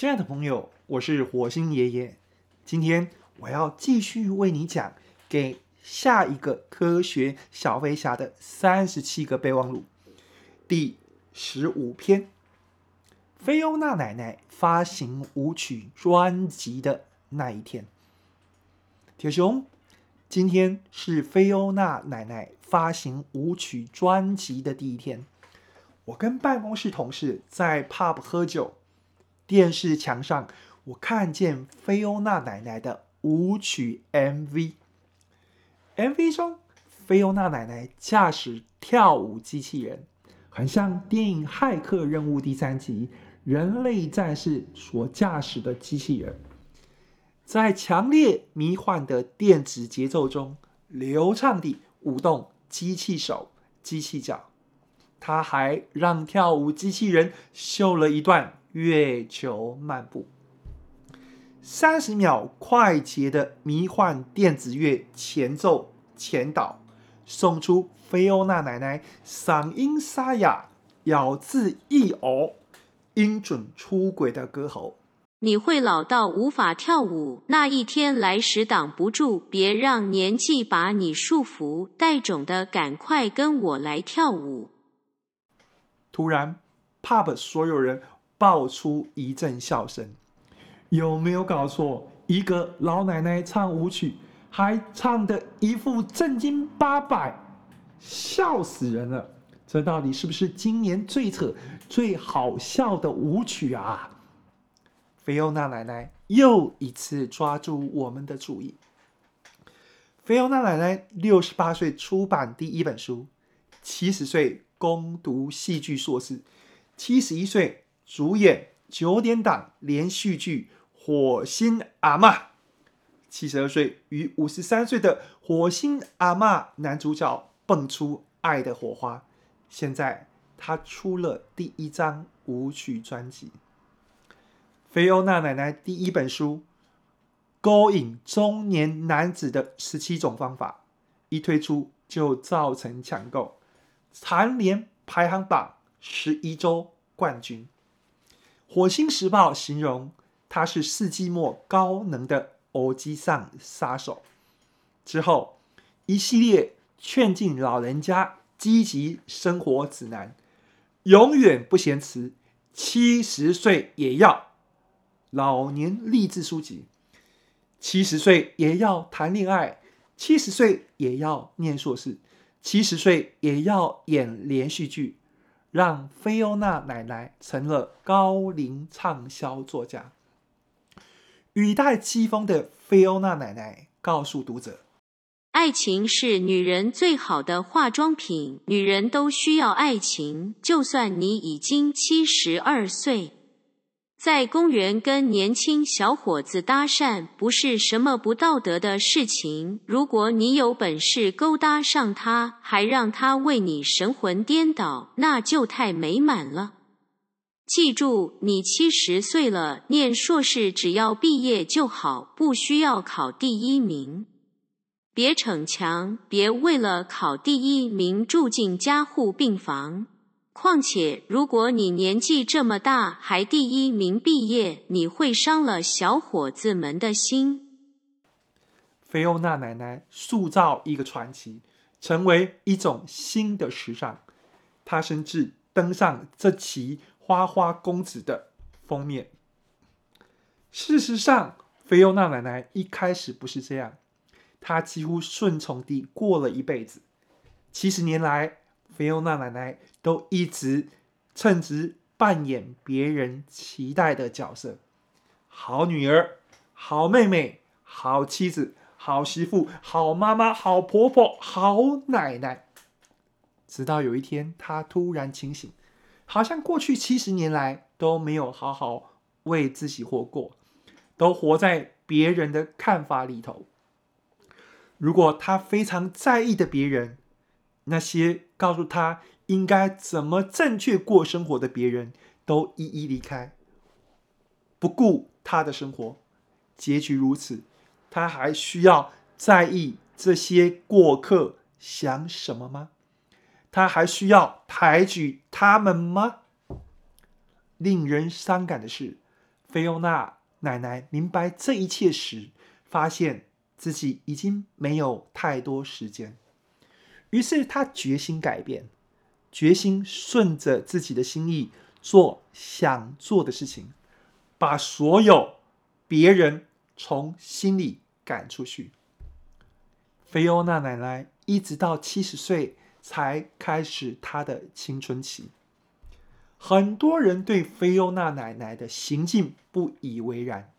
親愛的朋友，我是火星爺爺。今天我要繼續為你講給下一個科學小飛俠的三十七個備忘錄，第十五篇：菲歐娜奶奶發行舞曲專輯的那一天。鐵雄，今天是菲歐娜奶奶發行舞曲專輯的第一天。我跟辦公室同事在 pub 喝酒。電視牆上，我看見菲歐娜奶奶的舞曲 MV。MV 中，菲歐娜奶奶駕駛跳舞機器人，很像電影《駭客任務》第三集人類戰士所駕駛的機器人，在強烈迷幻的電子節奏中，流暢地舞動機器手、機器腳。她還讓跳舞機器人秀了一段。月球漫步，三十秒快捷的迷幻電子樂前奏前導，送出菲歐娜奶奶嗓音沙啞、咬字一偶、音準出軌的歌喉。你會老到無法跳舞，那一天來時擋不住，別讓年紀把你束縛。帶種的趕快跟我來跳舞。突然，Pub 所有人。爆出一陣笑聲，有沒有搞錯？一個老奶奶唱舞曲，還唱得一副正經八百，笑死人了！這到底是不是今年最扯、最好笑的舞曲啊？菲奧娜奶奶又一次抓住我們的注意。菲奧娜奶奶六十八歲出版第一本書，七十歲攻讀戲劇碩士，七十一歲。主演九點檔連續劇《火星阿嬤》，七十二歲與五十三歲的《火星阿嬤》男主角蹦出愛的火花。現在她出了第一張舞曲專輯，《菲歐娜奶奶》第一本書《勾引中年男子的十七種方法》，一推出就造成搶購，蟬聯排行榜十一周冠軍。《火星時報》形容他是世紀末高能的“歐吉桑殺手”。之後，一系列《勸進老人家積極生活指南》，永遠不嫌遲，七十歲也要。老年勵志書籍，七十歲也要談戀愛，七十歲也要念碩士，七十歲也要演連續劇。讓菲歐娜奶奶成了高齡暢銷作家。語帶譏諷的菲歐娜奶奶告訴讀者：“愛情是女人最好的化妝品，女人都需要愛情，就算你已經七十二歲。”在公園跟年輕小伙子搭訕，不是什麼不道德的事情。如果你有本事勾搭上他，還讓他為你神魂顛倒，那就太美滿了。記住，你七十歲了，念碩士只要畢業就好，不需要考第一名。別逞強，別為了考第一名住進加護病房。況且，如果你年紀這麼大還第一名畢業，你會傷了小伙子們的心。菲歐娜奶奶塑造一個傳奇，成為一種新的時尚。她甚至登上這期《花花公子》的封面。事實上，菲歐娜奶奶一開始不是這樣，她幾乎順從地過了一輩子，七十年來。菲歐娜奶奶都一直稱職扮演別人期待的角色，好女兒、好妹妹、好妻子、好媳婦、好媽媽、好婆婆、好奶奶。直到有一天，她突然清醒，好像過去七十年來都沒有好好為自己活過，都活在別人的看法裡頭。如果她非常在意的別人，那些告訴他應該怎麼正確過生活的別人都一一離開，不顧他的生活，結局如此，他還需要在意這些過客想什麼嗎？他還需要抬舉他們嗎？令人傷感的是，菲歐娜奶奶明白這一切時，發現自己已經沒有太多時間。於是他決心改變，決心順着自己的心意做想做的事情，把所有別人從心裡趕出去。菲歐娜奶奶一直到七十歲才開始她的青春期。很多人對菲歐娜奶奶的行徑不以為然，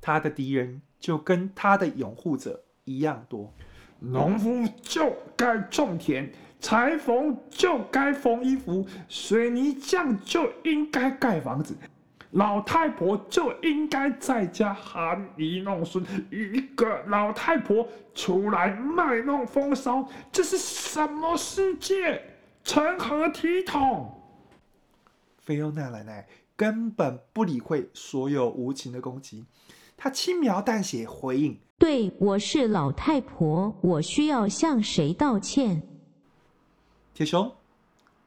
她的敵人就跟她的擁護者一樣多。農夫就該種田，裁縫就該縫衣服，水泥匠就應該蓋房子，老太婆就應該在家含飴弄孫。一個老太婆出來賣弄風騷，這是什麼世界？成何體統？菲歐娜奶奶根本不理會所有無情的攻擊，她輕描淡寫回應。對，我是老太婆，我需要向誰道歉？鐵雄，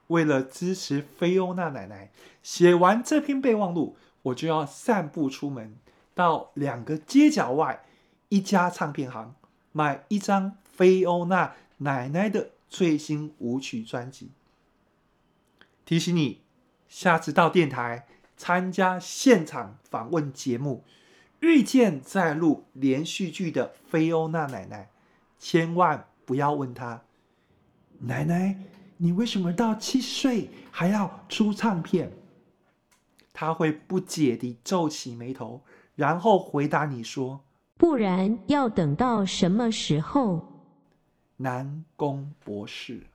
為了支持菲歐娜奶奶，寫完這篇備忘錄，我就要散步出門，到兩個街角外一家唱片行買一張菲歐娜奶奶的最新舞曲專輯。提醒你，下次到電台參加現場訪問節目，遇見在錄連續劇的菲歐娜奶奶，千萬不要問她：“奶奶，你為什麼到七十歲還要出唱片？”她會不解地皺起眉頭，然後回答你說：“不然要等到什麼時候？”南宮博士。